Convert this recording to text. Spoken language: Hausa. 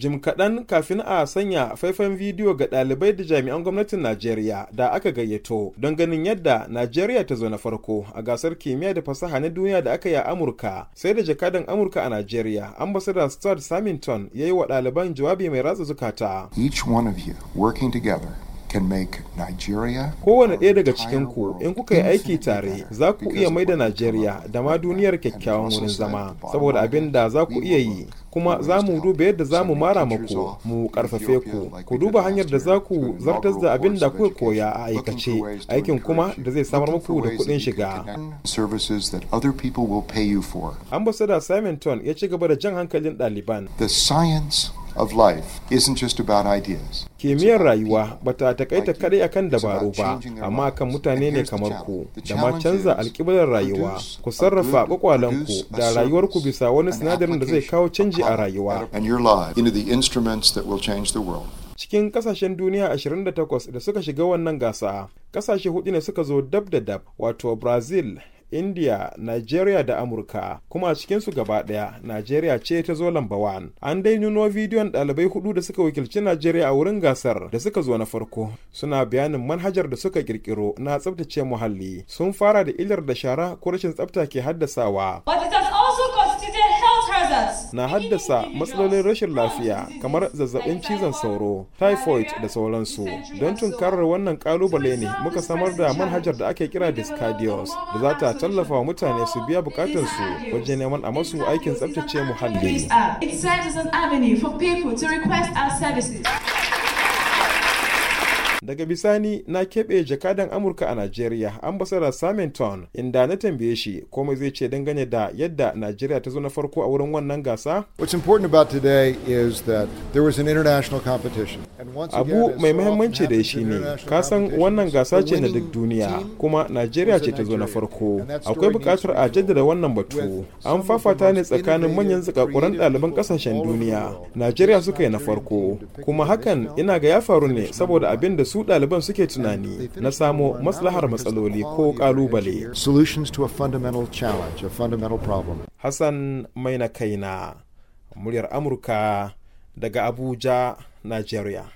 Jim kaɗan kafin a sanya faifan bidiyo ga ɗalibai da jami'an gwamnatin Najeriya da aka gayyato don ganin yadda Najeriya ta zo na farko a gasar kimiyya da fasaha na duniya da aka yi a Amurka sai da jakadan Amurka a Najeriya ambassador Stuart Samington ya yi wa ɗaliban jawabi mai ratsa zukata. Each one of you working together Kowane ɗaya daga cikin ku in kuka yi aiki tare za ku iya maida Najeriya da ma duniyar kyakkyawan wurin zama saboda abin da za ku iya yi kuma za mu duba yadda za mu mara muku mu karfafe ku ku duba hanyar da za ku zartas da abin da kuka koya a aikace aikin kuma da zai samar muku da kuɗin shiga. Ambassador Simonton ya ci gaba da jan hankalin ɗaliban. The science of life isn't just about Kimiyyar rayuwa ba ta takaita kadai akan dabaru ba, amma kan mutane ne kamar ku, da ma canza alkiblar rayuwa, ku sarrafa kwakwalanku da rayuwarku bisa wani sinadarin da zai kawo canji a rayuwa. Cikin kasashen duniya 28 da suka shiga wannan gasa, kasashe hudu ne suka zo dab da dab, wato Brazil, india nigeria da amurka kuma a cikinsu gaba daya nigeria ce ta zo lamba 1 an dai nuno bidiyon dalibai hudu da suka wakilci nigeria a wurin gasar da suka zo na farko suna bayanin manhajar da suka kirkiro na tsabtace muhalli sun fara da illar da shara ko rashin tsabta ke haddasawa na haddasa matsalolin rashin lafiya kamar zazzabin cizon sauro typhoid da sauransu don tunkarar wannan kalubale ne muka samar da manhajar da ake kira discardios da za ta tallafa wa mutane su biya bukatansu wajen neman a masu aikin tsabtace muhalli. daga bisani na keɓe jakadan amurka a najeriya ambassador samington inda na tambaye shi komai zai ce dangane da yadda najeriya ta zo na farko a wurin wannan gasa what's important about today is that there was an international competition abu mai mahimmanci da shi ne kasan wannan gasa ce na duk duniya kuma najeriya ce ta zo na farko akwai bukatar a jaddada wannan batu an fafata ne tsakanin manyan zakakuran ɗaliban ƙasashen duniya najeriya suka yi na farko kuma hakan ina ga ya faru ne saboda abin da su ɗaliban suke tunani na samo maslahar matsaloli ko ƙalubale hassan mai na kaina muryar amurka daga abuja nigeria